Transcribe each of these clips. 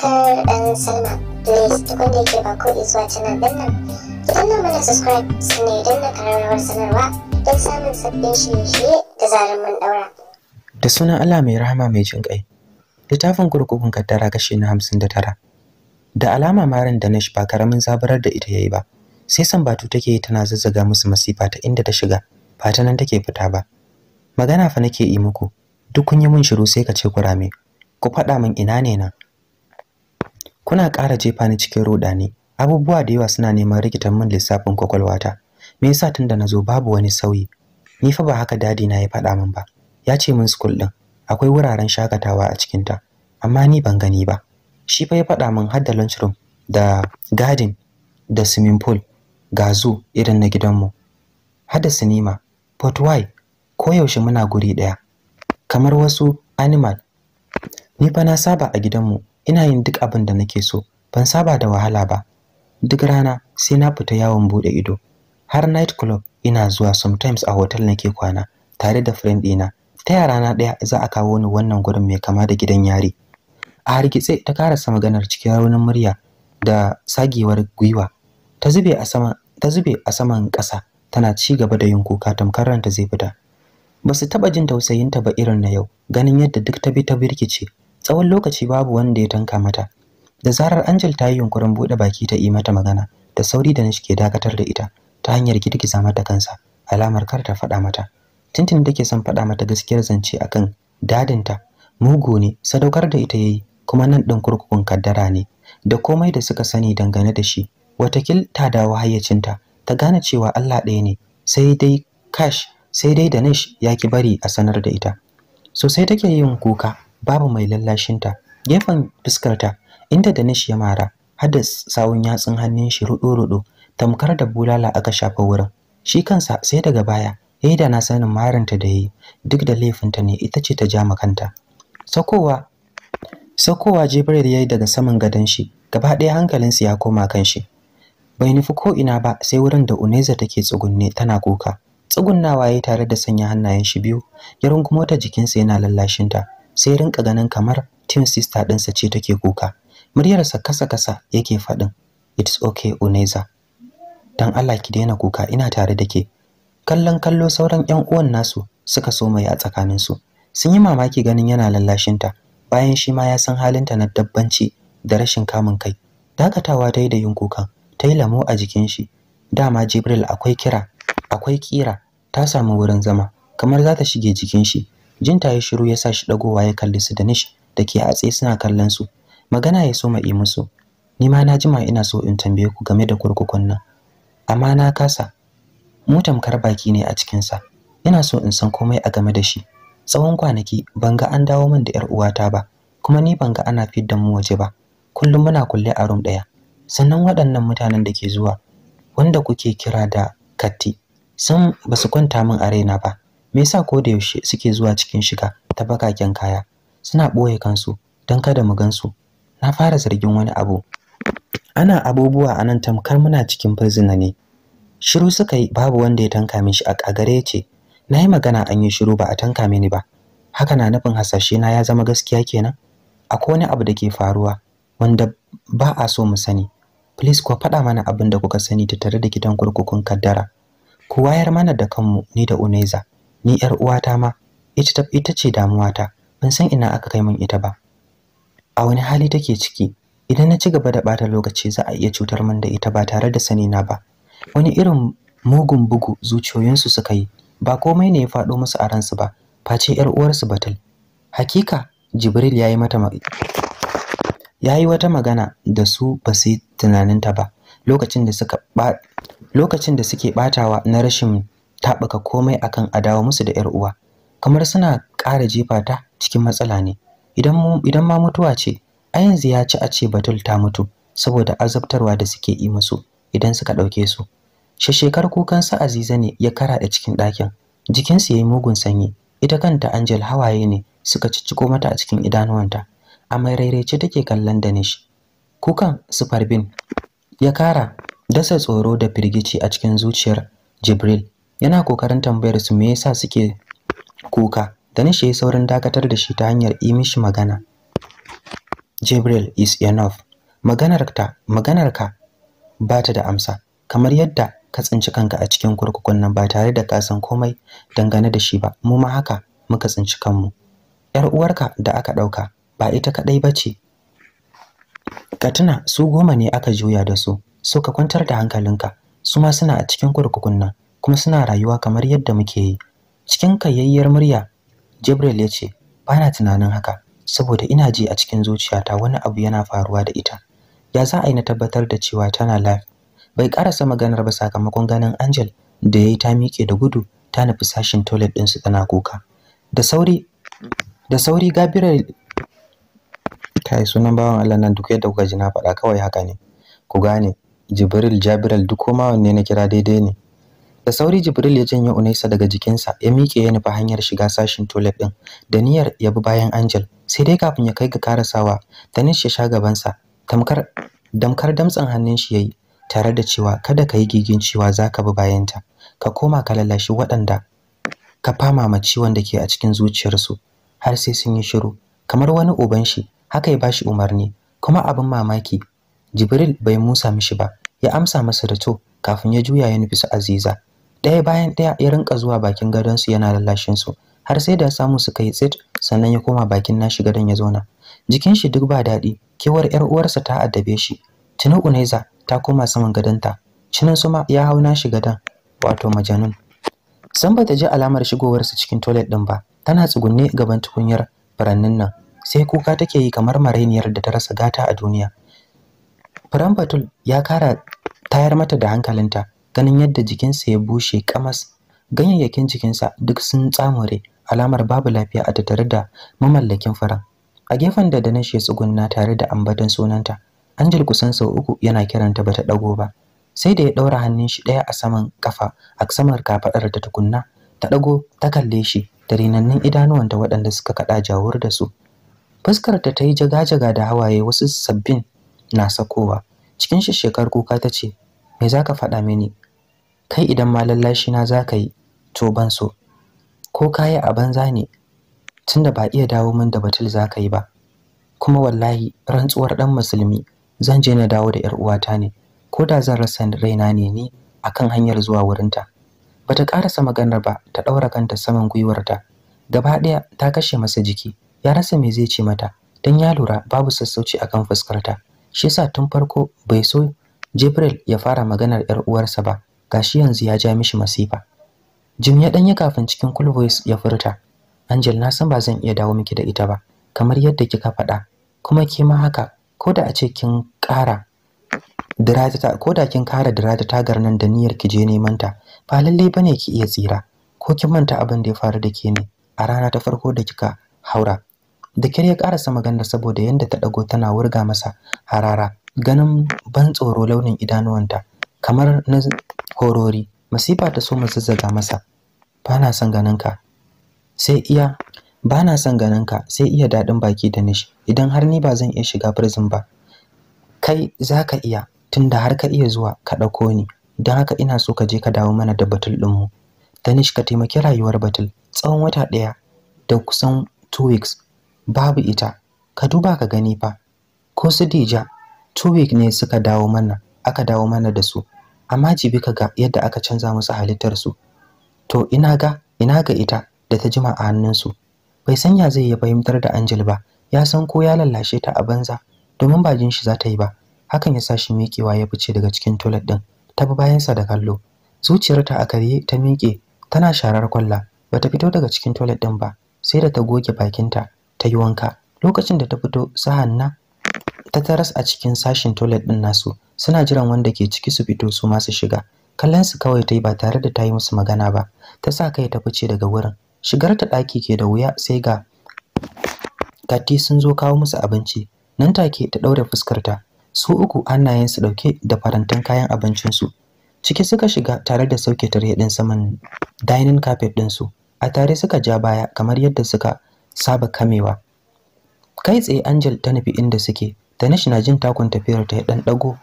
subscribe and sign up. Please da ba ko subscribe sanarwa don samun sabbin shirye da sunan Allah mai rahama mai jin ƙai. Littafin kurkukun kaddara kashi na hamsin da tara. Da alama marin da Nash ba karamin zabarar da ita yayi ba. Sai San batu take tana zazzaga musu masifa ta inda ta shiga. Ba ta nan take fita ba. Magana fa nake yi muku. Duk kun yi mun shiru sai ka ce kurame. Ku faɗa min ina ne nan. kuna ƙara jefa ni cikin rudani abubuwa da yawa suna neman rikitan min lissafin kwakwalwata me yasa tun da nazo babu wani sauyi ni fa ba haka dadi na ya faɗa min ba ya ce min school din akwai wuraren shakatawa a cikin ta amma ni ban gani ba shi fa ya faɗa min har da lunchroom da garden da swimming pool ga zoo irin na gidanmu har da sinima but why koyaushe muna guri ɗaya kamar wasu animal ni fa na saba a gidanmu ina yin duk abin da nake so ban saba da wahala ba duk rana sai na fita yawon bude ido har night club ina zuwa sometimes a hotel nake kwana tare da friend ɗina ta yara na ɗaya za a kawo ni wannan gurin mai kama da gidan yari a hargitse ta karasa maganar cikin raunin murya da sagewar gwiwa ta zube a saman ta zube a saman ƙasa tana ci gaba da yin kuka tamkar ranta zai fita ba su taɓa jin tausayinta ba irin na yau ganin yadda duk ta bi ta birkice tsawon lokaci babu wanda ya tanka mata da zarar Angel ta yi yunkurin buɗe baki ta yi mata magana da sauri da nishi ke dakatar da ita ta hanyar girgiza mata kansa alamar kar ta faɗa mata tintin take son faɗa mata gaskiyar zance akan dadinta mugu ne sadaukar da ita yayi kuma nan ɗin kurkukun kaddara ne da komai da suka sani dangane da shi watakil ta dawo hayyacinta ta gane cewa Allah ɗaya ne sai dai kash sai dai danish ya ki bari a sanar da ita sosai take yin kuka babu mai lallashinta gefen fuskarta inda da nishi ya mara har da sawun yatsun hannun shi ruɗo-ruɗo tamkar da bulala aka shafa wurin shi kansa sai daga baya yayi eh, da na sanin maranta da yi duk da laifinta ne ita ce ta ja makanta sakowa sakowa jibril yayi daga saman gadon shi gaba ɗaya hankalinsa ya koma kan shi bai nufi ko ina ba sai wurin da uneza take tsugunne tana kuka tsugunnawa yayi tare da sanya hannayen shi biyu ya rungumo ta jikinsa yana lallashinta sai rinka ganin kamar tin sister ɗinsa ce take kuka muryarsa kasa-kasa yake faɗin it's okay uneza dan Allah ki daina kuka ina tare da ke kallon kallo sauran 'yan uwan nasu suka so mai a tsakaninsu sun yi mamaki ganin yana lallashinta bayan shi ma ya san halinta na dabbanci da rashin kamun kai dakatawa dai da yin kukan ta yi lamo a jikin shi dama jibril akwai kira akwai kira ta samu wurin zama kamar za ta shige jikin shi Jin ta shiru ya sa shi dagowa ya kalli su Danish da ke a tsaye suna kallon su. Magana ya so yi musu. Ni ma na jima ina so in tambaye ku game da kurkukun nan. Amma na kasa. Mu tamkar baki ne a cikin sa. Ina so in san komai a game da shi. Tsawon kwanaki ban ga an dawo min da yar uwata ba, kuma ni ban ga ana fidda mu waje ba. Kullum muna kulle a room ɗaya. Sannan waɗannan mutanen da ke zuwa wanda kuke kira da katti sun ba su kwanta min a raina ba me yasa ko da yaushe suke zuwa cikin shiga ta bakaken kaya suna ɓoye kansu don kada mu gansu na fara zargin wani abu ana abubuwa a nan tamkar muna cikin firzina ne shiru suka yi babu wanda ya tanka min shi a kagare ya ce na yi magana an yi shiru ba a tanka mini ba haka na nufin hasashe na ya zama gaskiya kenan akwai wani abu da ke faruwa wanda ba a so mu sani please ku faɗa mana abin da kuka sani ta tare da gidan kurkukun kaddara ku wayar mana da kanmu ni da uneza ni yar uwata ma ita ita ce damuwata ban san ina aka kai min ita ba a wani hali take ciki idan na ci gaba da bata lokaci za a iya cutar min da ita ba tare da sani na ba wani irin mugun bugu zuciyoyinsu suka yi ba komai ne ya faɗo musu a ransu ba face yar uwarsu batul hakika jibril yayi yi mata ma yayi wata magana da su ba su tunaninta ba lokacin da suka lokacin da suke batawa na rashin taɓuka komai akan a dawo musu da 'yar uwa kamar suna ƙara jefa ta cikin matsala ne idan ma mutuwa ce a yanzu ya ci a ce batul ta mutu saboda azabtarwa da suke yi musu idan suka ɗauke su shashekar kukan sa aziza ne ya kara da cikin ɗakin jikinsu ya yi mugun sanyi ita kanta angel hawaye ne suka cicciko mata a cikin idanuwanta a mai rairaice take kallon danish kukan sufarbin ya kara dasa tsoro da firgici a cikin zuciyar jibril yana kokarin tambayar su me yasa suke kuka shi yayi saurin dakatar da shi ta hanyar yi mishi magana jibril is enough maganarka maganarka ba ta da amsa kamar yadda ka tsinci kanka a cikin kurkukun nan ba tare da kasan komai dangane da shi ba mu ma haka muka tsinci kanmu yar uwarka da aka dauka ba ita kadai bace tuna su goma ne aka juya da su so ka kwantar da hankalinka su ma suna a cikin kurkukun nan kuma suna rayuwa kamar yadda muke yi cikin kayayyar murya Jibril ya ce bana tunanin haka saboda ina ji a cikin zuciyata wani abu yana faruwa da ita ya za a yi na tabbatar da cewa tana lafiya bai karasa maganar ba sakamakon ganin Angel da yayi ta miƙe da gudu ta nufi sashin toilet su tana kuka da sauri da sauri Gabriel kai sunan bawan Allah nan duk yadda kuka ji na faɗa kawai haka ne ku gane Jibril Jabril duk koma wanne na kira daidai ne da sauri jibril ya janye unaisa daga jikinsa ya miƙe ya nufi hanyar shiga sashin toilet ɗin da niyyar ya bi bayan angel sai dai kafin ya kai ga karasawa tanish ya sha gabansa tamkar damkar damtsan hannun shi yayi tare da cewa kada ka yi gigin cewa za ka bi bayanta ka koma ka lalashi waɗanda ka fama ma ciwon da ke a cikin zuciyarsu har sai sun yi shiru kamar wani uban shi haka ya bashi umarni kuma abin mamaki jibril bai musa mishi ba ya amsa masa da to kafin ya juya ya nufi su aziza ɗaya bayan ɗaya ya rinka zuwa bakin su yana lallashin su har sai da samu suka yi tsit sannan ya koma bakin nashi gadon ya zauna jikin shi duk ba daɗi kewar yar uwarsa ta addabe shi tuni uneza ta koma saman gadonta cinin suma ya hau nashi gadon wato majanun san bata ji alamar shigowarsa cikin toilet ɗin ba tana tsugunne gaban tukunyar furannin nan sai kuka take yi kamar marainiyar da ta rasa gata a duniya firan batul ya kara tayar mata da hankalinta ganin yadda jikinsa ya bushe kamas ganyayyakin jikinsa duk sun tsamure alamar babu lafiya a tattare da mamallakin faran a gefen da da ya tsugunna tare da ambaton sunanta Angel kusan sau uku yana kiranta bata dago ba sai da ya ɗaura hannun shi ɗaya a saman kafa a samar kafadar ta tukunna ta ɗago, ta kalle shi da rinannun idanuwanta waɗanda suka kaɗa jawur da su fuskar ta ta yi jaga-jaga da hawaye wasu sabbin na sakowa cikin shekar kuka ta ce me za ka faɗa mini kai idan ma lallashi na za ka yi to ban so ko ka yi a banza ne tunda ba iya dawo min da batul za ka yi ba kuma wallahi rantsuwar ɗan musulmi zan je na dawo da yar uwata ne ko da zan rasa raina ne ni akan hanyar zuwa wurinta bata ƙarasa maganar ba ta ɗaura kanta saman gwiwarta gaba ɗaya ta kashe masa jiki ya rasa me zai ce mata Don ya lura babu sassauci akan fuskarta shi sa tun farko bai so Jibril ya fara maganar ‘yar uwarsa ba, gashi yanzu ya ja mishi masifa. Jim ya ɗanye kafin cikin cool voice ya furta. Angel na san ba zan iya dawo miki da ita ba, kamar yadda kika faɗa. Kuma ke ma haka, ko da a ce kin ƙara dirata ko da kin kara dirata tagar nan da niyyar ki je neman ta, ba lalle bane ki iya tsira. Ko kin manta abin da ya faru da ke ne a rana ta farko da kika haura. Da kyar ya karasa maganar saboda yanda ta dago tana wurga masa harara ganin ban tsoro launin idanuwanta kamar na horori masifa ta so zazzaga masa ba na son ganin ka, sai iya ba na son ganin ka, sai iya daɗin baki da nishi idan har ni ba zan iya shiga prison ba kai za ka iya tunda har ka iya zuwa ka ɗauko ni don haka ina so ka je ka dawo mana da batul ɗinmu danish ka taimaki rayuwar batul tsawon wata ɗaya da kusan two weeks babu ita ka duba ka gani fa ko su dija two week ne suka dawo mana aka dawo mana da su amma jibi ka ga yadda aka canza musu halittar su to ina ga ina ga ita da ta jima a hannun su bai san ya zai fahimtar da Angel ba ya san ko ya lallashe ta a banza domin ba jin shi za ta yi ba hakan ya sa shi mikewa ya fice daga cikin toilet din ta bi bayansa da kallo zuciyarta a karye ta miƙe tana sharar kwalla bata fito daga cikin toilet din ba sai da ta goge bakinta ta yi wanka lokacin da ta fito hanna ta taras a cikin sashin toilet din nasu suna jiran wanda ke ciki su fito su ma su shiga kallon su kawai ta yi ba tare da ta yi musu magana ba ta sa kai ta fice daga wurin shigar ta ɗaki ke da wuya sai ga kati sun zo kawo musu abinci nan take ta ɗaure fuskarta su uku su dauke da farantan kayan abincin su ciki suka shiga tare da sauke tare din saman dining carpet ɗinsu a tare suka ja baya kamar yadda suka saba kamewa kai tsaye angel ta nufi inda suke Danish na jin takun tafiyar ta ya dan dago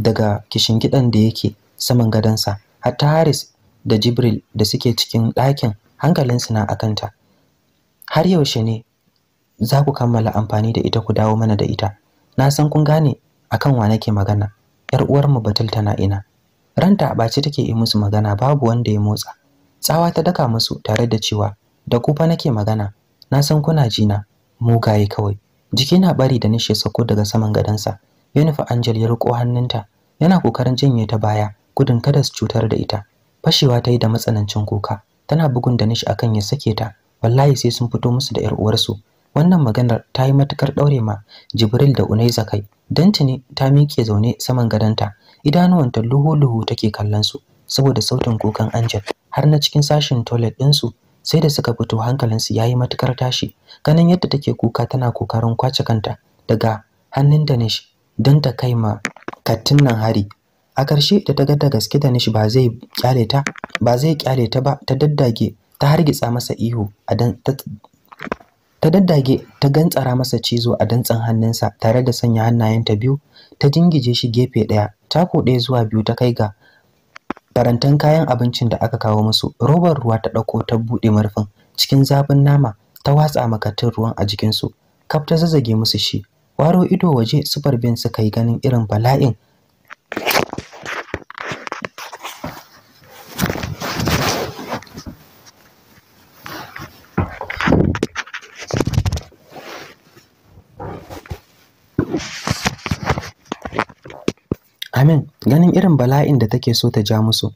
daga gidan da yake saman gadansa hatta Haris da Jibril da suke cikin ɗakin hankalinsu na akanta. Har yaushe ne za ku kammala amfani da ita ku dawo mana da ita? Na san kun gane akan wa nake magana. Yar uwarmu Batul tana ina. Ranta a ɓace take yi musu magana babu wanda ya motsa. Tsawa ta daka musu tare da cewa da ku fa nake magana. Na san kuna jina mugaye kawai. jiki na bari da nishe sako daga saman gadansa yunifa angel ya riko hannunta yana kokarin janye ta baya gudun kada su cutar da ita fashewa ta yi da matsanancin kuka tana bugun da nishi akan ya sake ta wallahi sai sun fito musu da yar uwarsu wannan maganar ta yi matukar daure ma jibril da Unai Zakai, dan tuni ta miƙe zaune saman gadanta idanuwanta luhu-luhu take kallon su saboda sautin kukan angel har na cikin sashin toilet ɗinsu sai da suka fito hankalinsu ya yi matukar tashi ganin yadda take kuka tana kokarin kwace kanta daga hannun danish don ta kai ma kattin nan hari a ƙarshe da ta ga da gaske danish ba zai kyale ta ba zai kyale ta ba ta daddage ta hargitsa masa ihu a dan ta daddage ta gantsara masa cizo a dantsan hannunsa tare da sanya hannayenta biyu ta jingije shi gefe ɗaya ta ɗaya zuwa biyu ta kai ga barantan kayan abincin da aka kawo musu robar ruwa ta ɗauko ta buɗe murfin cikin zafin nama ta watsa makatin ruwan a jikinsu kaf ta zazzage musu shi waro ido waje sufar bin suka yi ganin irin bala'in Amin ganin irin bala'in da take so ta ja musu.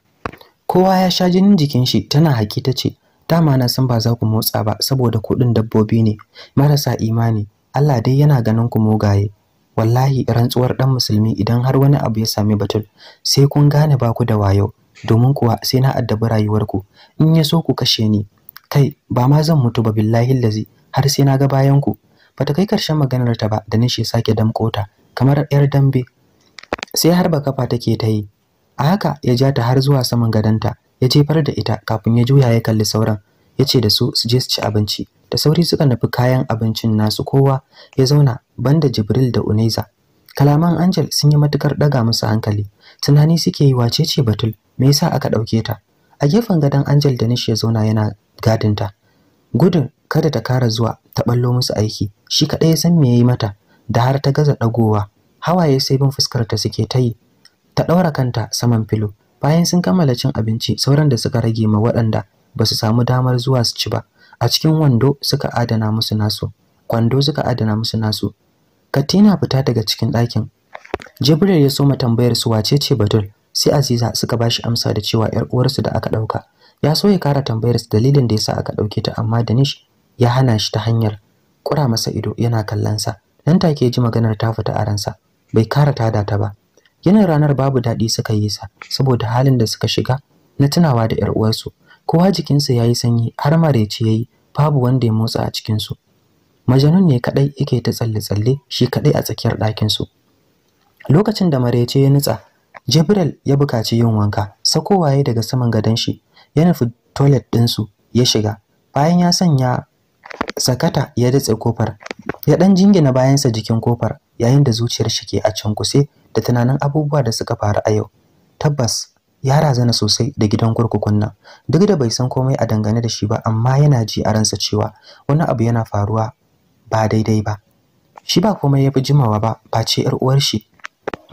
Kowa ya sha jinin jikin shi tana haƙi ta ce, dama na san ba za ku motsa ba saboda kuɗin dabbobi ne marasa imani Allah dai yana ganin ku mugaye wallahi rantsuwar ɗan musulmi idan har wani abu ya sami batul sai kun gane ba ku da wayo domin kuwa sai na addabi rayuwarku in ya so ku kashe ni kai ba ma zan mutu ba billahi lazi har sai na ga bayan ku bata kai karshen maganar ta ba da nishi sake damkota kamar yar dambe sai har harba kafa take ta yi a haka ya ja ta har zuwa saman gadonta ya jefar da ita kafin ya juya ya kalli sauran ya ce da su su je su ci abinci da sauri suka nufi kayan abincin nasu kowa ya zauna banda jibril da uneza kalaman angel sun yi matukar daga musu hankali tunani suke yi wace ce batul me yasa aka ɗauke ta a gefen gadon angel da nishi ya zauna yana gadinta gudun kada ta kara zuwa ta ballo musu aiki shi kaɗai ya san me ya yi mata da har ta gaza ɗagowa hawaye sai bin fuskar ta suke ta yi ta ɗaura kanta saman filo bayan sun kammala cin abinci sauran da suka rage ma waɗanda ba su samu damar zuwa su ci ba a cikin wando suka adana musu nasu kwando suka adana musu nasu katina fita daga cikin ɗakin jibril ya soma tambayar su wace ce batul sai aziza suka ba shi amsa da cewa yar uwarsu da aka ɗauka ya so ya kara tambayar su dalilin da yasa aka ɗauke ta amma danish ya hana shi ta hanyar Ƙura masa ido yana kallon sa nan take ji maganar ta fita a ransa bai kara tada ta ba yana ranar babu daɗi suka yi sa saboda halin da suka shiga na tunawa da 'yar uwarsu kowa jikinsa ya yi sanyi har maraice ya yi babu wanda ya motsa a cikinsu majanun ne kaɗai yake ta tsalle-tsalle shi kaɗai a tsakiyar ɗakinsu lokacin da ce ya nutsa jibril ya buƙaci yin wanka sakowa ya daga saman gadon shi ya nufi toilet su, ya shiga bayan ya sanya sakata ya datse kofar ya dan jingina bayansa jikin kofar yayin da zuciyar shi ke a cankuse da tunanin abubuwa da suka faru a yau tabbas ya razana sosai da gidan kurkukun nan duk da bai san komai a dangane da shi ba amma yana ji a ransa cewa wani abu yana faruwa ba daidai ba shi ba komai ya fi jimawa ba face yar uwar shi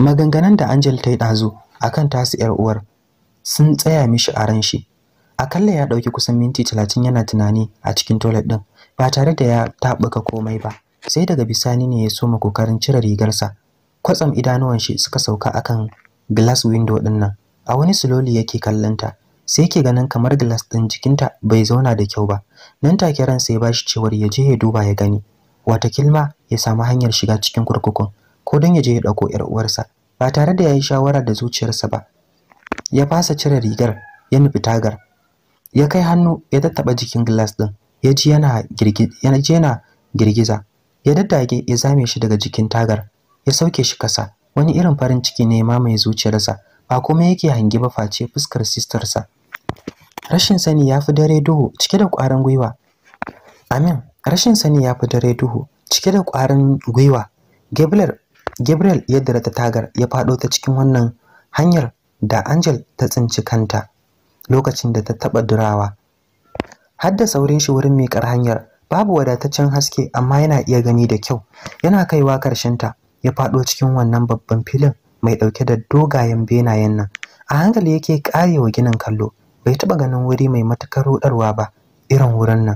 maganganun da Angel ta yi dazu akan tasu yar uwar sun tsaya mishi a ran shi akalla ya dauki kusan minti 30 yana tunani a cikin toilet din ba tare da ya tabbaka komai ba sai daga bisani ne ya soma kokarin cire rigarsa kwatsam idanuwan shi suka sauka akan glass window din nan a wani slowly yake kallonta sai yake ganin kamar glass din jikinta bai zauna da kyau ba nan take ran sai bashi cewar ya je ya duba ya gani wata kilma ya samu hanyar shiga cikin kurkukun ko don ya je ya dauko yar uwarsa ba tare da yayi shawara da zuciyarsa ba ya fasa cire rigar ya nufi tagar ya kai hannu ya tattaba jikin glass din ya ji yana girgiza ya daddage ya zame shi daga jikin tagar ya sauke shi kasa wani irin farin ciki ne ya mamaye zuciyarsa ba kuma yake hangi ba face fuskar sistarsa rashin sani ya fi dare duhu cike da ƙwarin gwiwa amin rashin sani ya fi dare duhu cike da ƙwarin gwiwa gabriel gabriel ya dare ta tagar ya faɗo ta cikin wannan hanyar da angel ta tsinci kanta lokacin da ta taɓa durawa har da saurin shi wurin miƙar hanyar babu wadataccen haske amma yana iya gani da kyau yana kaiwa ta ya faɗo cikin wannan babban filin mai ɗauke da dogayen benayen nan a hankali yake karewa ginin kallo bai taɓa ganin wuri mai matukar rudarwa ba irin wurin nan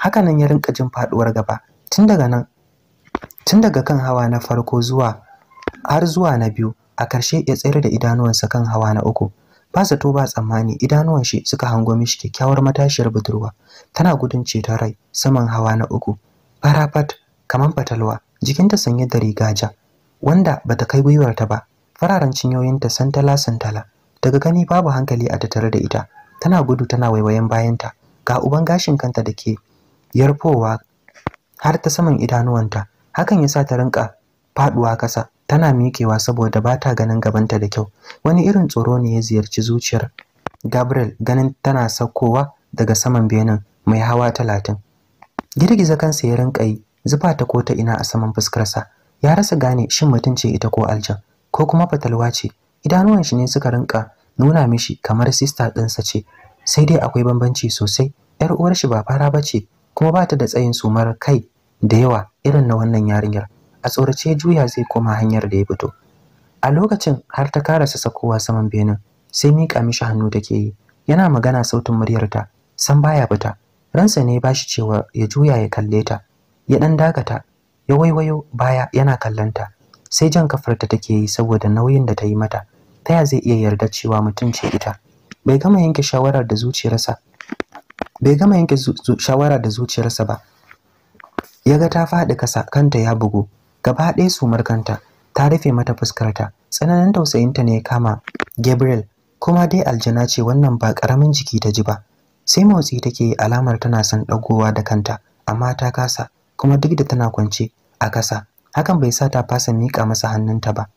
hakanan ya rinka jin faɗuwar gaba tun daga nan tun daga kan hawa na farko zuwa har zuwa na biyu a karshe ya tsayar da idanuwansa kan hawa na uku ba zato ba tsammani idanuwan shi suka hango mishi kyakkyawar matashiyar budurwa tana gudun ceton rai saman hawa na uku farafat kaman fatalwa jikinta sanye da rigaja. wanda bata kai gwiwarta ba fararen cinyoyinta santala santala daga gani babu hankali a tattare da ita tana gudu tana waiwayen bayanta ga uban gashin kanta da ke yarfowa har ta saman idanuwanta hakan ya sa ta rinka faduwa kasa tana mikewa saboda ba ta ganin gabanta da kyau wani irin tsoro ne ya ziyarci zuciyar gabriel ganin tana saukowa daga saman benin mai hawa talatin girgiza kansa ya rinka yi zuba ta ko ta ina a saman fuskarsa ya rasa gane shin mutum ce ita ko aljan ko kuma fatalwa ce idanuwan shi ne suka rinka nuna mishi kamar sista ɗinsa ce sai dai akwai bambanci sosai yar uwar shi ba fara ba ce kuma ba ta da tsayin sumar kai da yawa irin na wannan yarinyar a tsorace juya zai koma hanyar da ya fito a lokacin har ta karasa sakowa saman benin sai miƙa mishi hannu ke yi yana magana sautin muryarta san baya fita ransa ne ba shi cewa ya juya ya kalle ta ya ɗan dakata ya waiwayo baya yana kallanta sai jan kafarta take yi saboda nauyin da ta yi mata ta ya zai iya yarda cewa mutum ce ita bai gama yanke shawarar da zuciyarsa bai gama yanke shawara da zuciyarsa ba ya ga ta faɗi kasa kanta ya bugu gaba ɗaya su markanta ta rufe mata fuskarta tsananin tausayinta ne ya kama gabriel kuma dai aljana ce wannan ba ƙaramin jiki ta ji ba sai motsi take alamar tana son ɗagowa da kanta amma ta kasa kuma duk da tana kwance a kasa hakan bai sa ta fasa miƙa masa hannunta ba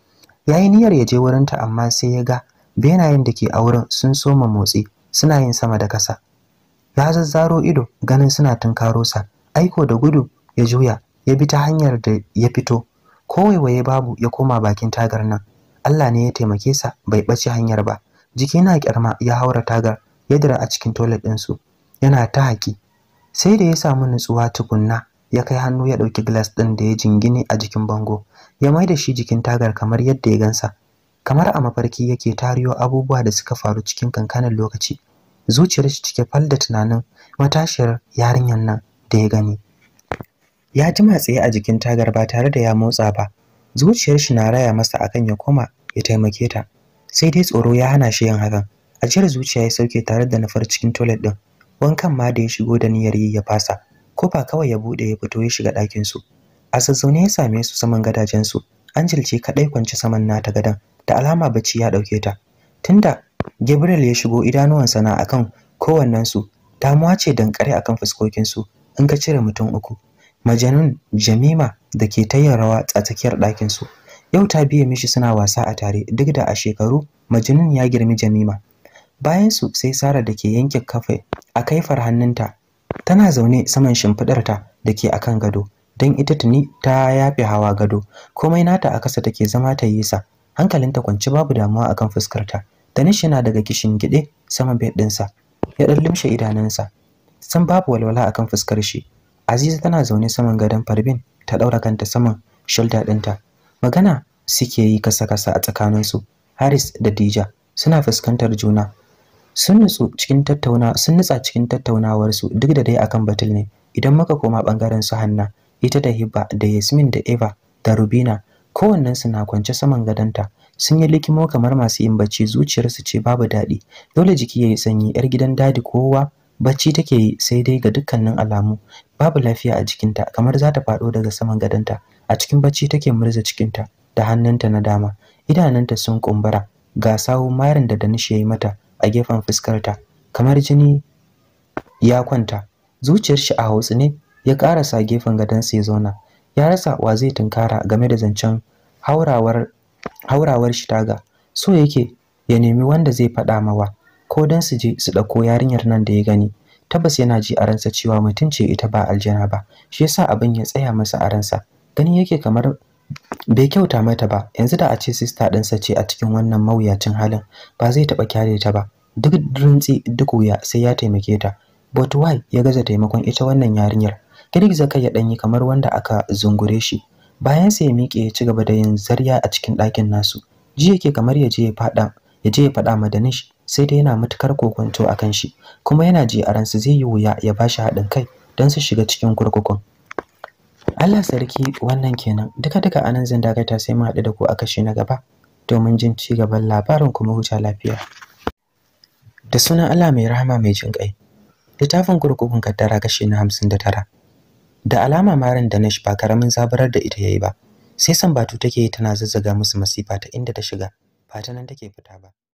ya yi niyyar ya je wurinta amma sai ya ga benayen da ke a wurin sun soma motsi suna yin sama da kasa ya zazzaro ido ganin suna tunkaro aiko da gudu ya juya ya bi ta hanyar da ya fito ko waiwaye babu ya koma bakin tagar nan Allah ne ya taimake sa bai ɓace hanyar ba jiki na ƙyarma ya haura tagar ya dira a cikin toilet din su yana ta haki sai da ya samu nutsuwa tukunna ya kai hannu ya ɗauki glass ɗin da ya jingine a jikin bango ya mai da shi jikin tagar kamar yadda ya gansa kamar a mafarki yake tariyo abubuwa da suka faru cikin kankanin lokaci zuciyar shi cike fal da tunanin matashiyar yarinyar nan da ya gani ya jima tsaye a jikin tagar ba tare da ya motsa ba zuciyar shi na raya masa akan ya koma ya taimake ta sai dai tsoro ya hana shi yin hakan ajiyar zuciya ya sauke tare da nufar cikin toilet din wankan ma da ya shigo da niyyar yi ya fasa ko ba kawai ya bude ya fito ya shiga ɗakin su a sassaune ya same su saman gadajen su Angel ce kadai kwance saman nata gadan da alama bacci ya ɗauke ta tunda Gabriel ya shigo idanuwansa na akan kowannen su damuwa ce dankare akan fuskokin su in ka cire mutum uku majanun jamima da ke tayin rawa a tsakiyar ɗakin su yau ta biye mishi suna wasa a tare duk da a shekaru majanun ya girmi jamima Bayansu sai sara da ke yanke kafe a kaifar hannunta tana zaune saman shimfiɗarta da ke akan gado don ita tuni ta yafe hawa gado komai nata a kasa take zama ta yi sa hankalinta kwanci babu damuwa akan fuskarta tanish yana daga kishin gide saman bed ɗinsa ya ɗan limshe idanunsa san babu walwala akan fuskar shi Aziza tana zaune saman gadon Farbin ta daura kanta saman shoulder ɗinta. Magana suke yi kasa-kasa a tsakaninsu. Haris da Dija suna fuskantar juna. Sun nutsu cikin tattauna sun nutsa cikin tattaunawarsu duk da dai akan batul ne. Idan muka koma bangaren su Hanna, ita da Hibba da Yasmin da Eva da Rubina kowannensu na kwance saman gadonta. Sun yi likimo kamar masu yin bacci zuciyarsu ce babu daɗi. Dole jiki yayi sanyi 'yar gidan dadi kowa bacci take yi sai dai ga dukkanin alamu babu lafiya a jikinta kamar za ta faɗo daga saman gadonta a cikin bacci take murza cikinta da hannunta na dama idanunta sun kumbura ga sawu marin da danishi ya yi mata a gefen fuskarta kamar jini ya kwanta zuciyar shi a hautsu ne ya karasa gefen gadonsa ya zauna ya rasa wa zai tunkara game da zancen haurawar haurawar shi taga so yake ya nemi wanda zai faɗa mawa ko dan su je su dauko yarinyar nan da ya gani tabbas yana ji a ransa cewa mutum ce ita ba aljana ba shi yasa abin ya tsaya masa a ransa gani yake kamar bai kyauta mata ba yanzu da a ce din sa ce a cikin wannan mawuyacin halin ba zai taɓa kyale ta ba duk rintsi duk wuya sai ya taimake ta but why ya gaza taimakon ita wannan yarinyar girgiza kai ya danyi kamar wanda aka zungure shi bayan sai ya miƙe ya ci gaba da yin zarya a cikin ɗakin nasu ji yake kamar ya je ya faɗa ya je ya faɗa ma Danish sai dai yana matukar kokonto a kan shi kuma yana ji a ransa zai yi wuya ya ba shi haɗin kai don su shiga cikin kurkukun Allah sarki wannan kenan duka duka anan zan dakata sai mu haɗu da ku a kashi na gaba domin jin ci gaban labarin kuma huta lafiya da sunan Allah mai rahama mai jin kai littafin kurkukun kaddara kashi na hamsin da tara da alama marin da nash ba karamin zabarar da ita yayi ba sai san sambatu take tana zazzaga musu masifa ta inda ta shiga ba ta nan take fita ba